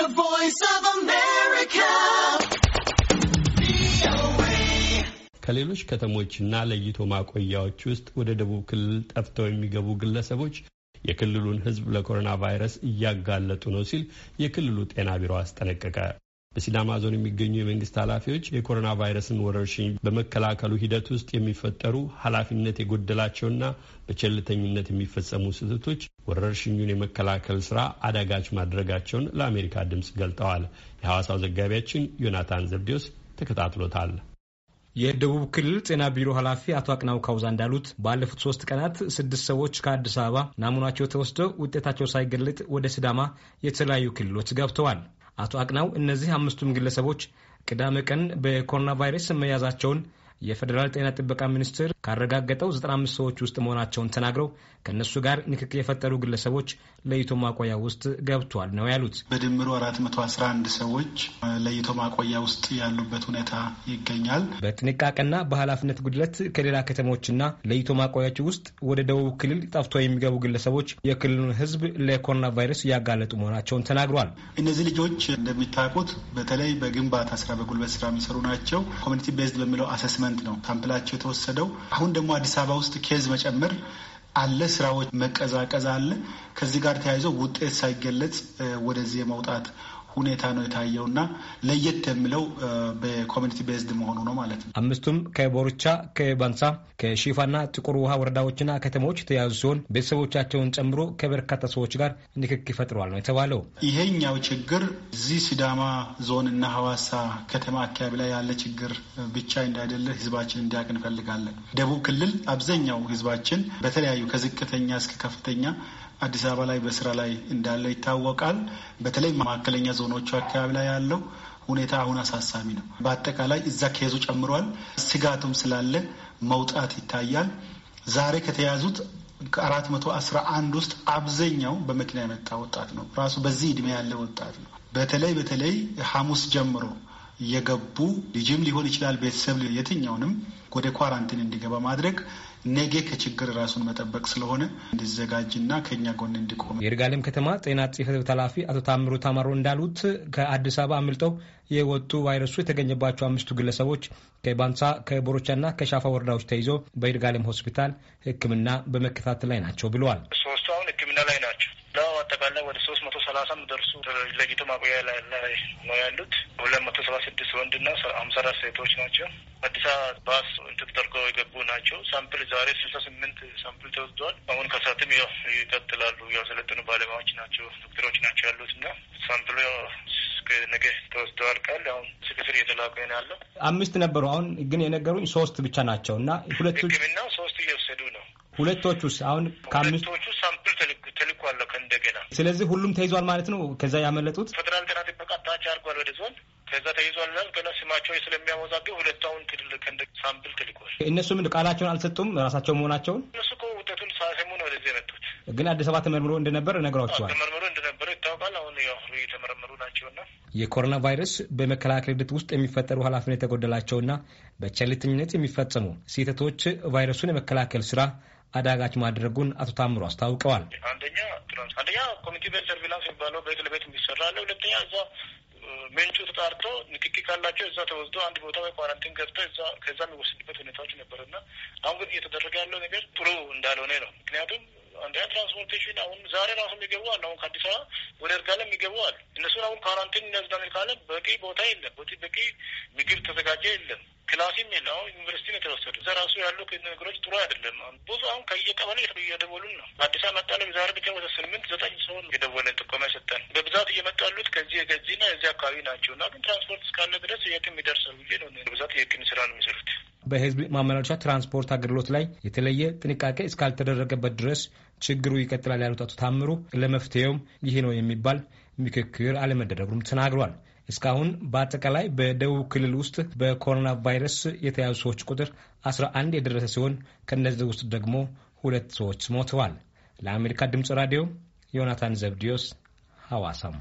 The Voice of America. ከሌሎች ከተሞችና ለይቶ ማቆያዎች ውስጥ ወደ ደቡብ ክልል ጠፍተው የሚገቡ ግለሰቦች የክልሉን ሕዝብ ለኮሮና ቫይረስ እያጋለጡ ነው ሲል የክልሉ ጤና ቢሮ አስጠነቀቀ። በሲዳማ ዞን የሚገኙ የመንግስት ኃላፊዎች የኮሮና ቫይረስን ወረርሽኝ በመከላከሉ ሂደት ውስጥ የሚፈጠሩ ኃላፊነት የጎደላቸውና በቸልተኝነት የሚፈጸሙ ስህተቶች ወረርሽኙን የመከላከል ስራ አዳጋች ማድረጋቸውን ለአሜሪካ ድምፅ ገልጠዋል። የሐዋሳው ዘጋቢያችን ዮናታን ዘብዴዎስ ተከታትሎታል። የደቡብ ክልል ጤና ቢሮ ኃላፊ አቶ አቅናው ካውዛ እንዳሉት ባለፉት ሶስት ቀናት ስድስት ሰዎች ከአዲስ አበባ ናሙናቸው ተወስደው ውጤታቸው ሳይገለጥ ወደ ሲዳማ የተለያዩ ክልሎች ገብተዋል። አቶ አቅናው እነዚህ አምስቱም ግለሰቦች ቅዳሜ ቀን በኮሮና ቫይረስ መያዛቸውን የፌዴራል ጤና ጥበቃ ሚኒስቴር ካረጋገጠው 95 ሰዎች ውስጥ መሆናቸውን ተናግረው ከእነሱ ጋር ንክክ የፈጠሩ ግለሰቦች ለይቶ ማቆያ ውስጥ ገብቷል ነው ያሉት። በድምሩ 411 ሰዎች ለይቶ ማቆያ ውስጥ ያሉበት ሁኔታ ይገኛል። በጥንቃቄና በኃላፊነት ጉድለት ከሌላ ከተሞችና ለይቶ ማቆያዎች ውስጥ ወደ ደቡብ ክልል ጠፍቶ የሚገቡ ግለሰቦች የክልሉን ሕዝብ ለኮሮና ቫይረስ ያጋለጡ መሆናቸውን ተናግሯል። እነዚህ ልጆች እንደሚታወቁት በተለይ በግንባታ ስራ፣ በጉልበት ስራ የሚሰሩ ናቸው። ኮሚኒቲ ቤዝድ በሚለው አሰስመ ኢንቨስትመንት ነው ሳምፕላቸው የተወሰደው። አሁን ደግሞ አዲስ አበባ ውስጥ ኬዝ መጨመር አለ፣ ስራዎች መቀዛቀዝ አለ። ከዚህ ጋር ተያይዘው ውጤት ሳይገለጽ ወደዚህ የመውጣት ሁኔታ ነው የታየውና ለየት የሚለው በኮሚኒቲ ቤዝድ መሆኑ ነው ማለት ነው። አምስቱም ከቦርቻ ከባንሳ ከሺፋና ጥቁር ውሃ ወረዳዎችና ከተሞች የተያዙ ሲሆን ቤተሰቦቻቸውን ጨምሮ ከበርካታ ሰዎች ጋር ንክክ ይፈጥረዋል ነው የተባለው። ይሄኛው ችግር እዚህ ሲዳማ ዞንና ሀዋሳ ከተማ አካባቢ ላይ ያለ ችግር ብቻ እንዳይደለ ህዝባችን እንዲያውቅ እንፈልጋለን። ደቡብ ክልል አብዛኛው ህዝባችን በተለያዩ ከዝቅተኛ እስከ ከፍተኛ አዲስ አበባ ላይ በስራ ላይ እንዳለ ይታወቃል። በተለይ ማዕከለኛ ዞኖቹ አካባቢ ላይ ያለው ሁኔታ አሁን አሳሳቢ ነው። በአጠቃላይ እዛ ኬዙ ጨምሯል። ስጋቱም ስላለ መውጣት ይታያል። ዛሬ ከተያዙት ከአራት መቶ አስራ አንድ ውስጥ አብዛኛው በመኪና የመጣ ወጣት ነው። ራሱ በዚህ እድሜ ያለ ወጣት ነው። በተለይ በተለይ ሐሙስ ጀምሮ እየገቡ ልጅም ሊሆን ይችላል ቤተሰብ የትኛውንም ወደ ኳራንቲን እንዲገባ ማድረግ ነገ ከችግር ራሱን መጠበቅ ስለሆነ እንዲዘጋጅና ከኛ ጎን እንዲቆም የይርጋለም ከተማ ጤና ጽሕፈት ቤት ኃላፊ አቶ ታምሩ ታማሮ እንዳሉት ከአዲስ አበባ አምልጠው የወጡ ቫይረሱ የተገኘባቸው አምስቱ ግለሰቦች ከባንሳ ከቦሮቻና ከሻፋ ወረዳዎች ተይዞ በይርጋለም ሆስፒታል ሕክምና በመከታተል ላይ ናቸው ብለዋል። ሶስቱ አሁን ሕክምና ላይ ናቸው። ላይ ወደ ሶስት መቶ ሰላሳ የሚደርሱ ለይቶ ማቆያ ላይ ነው ያሉት። ሁለት መቶ ሰባ ስድስት ወንድና ሀምሳ አራት ሴቶች ናቸው። አዲስ አበባ ባስ እንትን ተርጎ የገቡ ናቸው። ሳምፕል ዛሬ ስልሳ ስምንት ሳምፕል ተወስዷል። አሁን ከሰዓትም ያው ይቀጥላሉ። ያው ሰለጠኑ ባለሙያዎች ናቸው ዶክተሮች ናቸው ያሉት እና ሳምፕሉ ያው ነገ ተወስደዋል ቃል አሁን ስክስር እየተላቀ ነው ያለው። አምስት ነበሩ። አሁን ግን የነገሩኝ ሶስት ብቻ ናቸው እና ሁለቱ ህክምና ሶስት እየወሰዱ ነው። ሁለቶቹስ አሁን ከአምስቶቹ ስለዚህ ሁሉም ተይዟል ማለት ነው። ከዛ ያመለጡት ፌደራል ጤና ጥበቃ ታች አድርጓል ወደ ዞን ከዛ ተይዟል ላል ገና ስማቸው ስለሚያወዛግ ሁለታውን ከንደ ሳምፕል ትልቋል። እነሱም ቃላቸውን አልሰጡም ራሳቸው መሆናቸውን እነሱ እኮ ውጤቱን ሳሰሙ ነው ወደዚህ የመጡት። ግን አዲስ አበባ ተመርምሮ እንደነበር ነግሯቸዋል። ተመርምሮ ያሁሉ የተመረመሩ ናቸውና የኮሮና ቫይረስ በመከላከል ሂደት ውስጥ የሚፈጠሩ ኃላፊነት የተጎደላቸውና በቸልተኝነት የሚፈጸሙ ስህተቶች ቫይረሱን የመከላከል ስራ አዳጋች ማድረጉን አቶ ታምሮ አስታውቀዋል። አንደኛ አንደኛ ኮሚኒቲ ቤት ሰርቪላንስ የሚባለው ቤት ለቤት የሚሰራ አለ። ሁለተኛ እዛ ምንጩ ተጣርቶ ንክኪ ካላቸው እዛ ተወስዶ አንድ ቦታ ወይ ኳራንቲን ገብቶ ከዛ የሚወስድበት ሁኔታዎች ነበርና አሁን ግን እየተደረገ ያለው ነገር ጥሩ እንዳልሆነ ነው። ምክንያቱም እንደ ትራንስፖርቴሽን አሁን ዛሬ ራሱ የሚገቡ አለ። አሁን ከአዲስ አበባ ወደ እርጋለ የሚገቡ አለ። እነሱን አሁን ካራንቲን እነዝዳን ካለ በቂ ቦታ የለም፣ በቂ ምግብ ተዘጋጀ የለም፣ ክላሲም የለ። አሁን ዩኒቨርሲቲ ነው የተወሰዱ። እዛ ራሱ ያሉ ነገሮች ጥሩ አይደለም። ብዙ አሁን ከየቀበሌ እየደወሉን ነው። በአዲስ አበባ መጣ ነው ዛሬ ብቻ ወደ ስምንት ዘጠኝ ሰውን የደወለ ጥቆማ ሰጠን። በብዛት እየመጡ ያሉት ከዚህ ከዚህና የዚህ አካባቢ ናቸው እና ግን ትራንስፖርት እስካለ ድረስ የትም ይደርሳል ብዬ ነው። በብዛት የቅን ስራ ነው የሚሰሩት። በህዝብ ማመላለሻ ትራንስፖርት አገልግሎት ላይ የተለየ ጥንቃቄ እስካልተደረገበት ድረስ ችግሩ ይቀጥላል ያሉት አቶ ታምሩ ለመፍትሄውም ይሄ ነው የሚባል ምክክር አለመደረጉም ተናግሯል። እስካሁን በአጠቃላይ በደቡብ ክልል ውስጥ በኮሮና ቫይረስ የተያዙ ሰዎች ቁጥር 11 የደረሰ ሲሆን ከእነዚህ ውስጥ ደግሞ ሁለት ሰዎች ሞተዋል። ለአሜሪካ ድምፅ ራዲዮ ዮናታን ዘብዲዮስ ሐዋሳም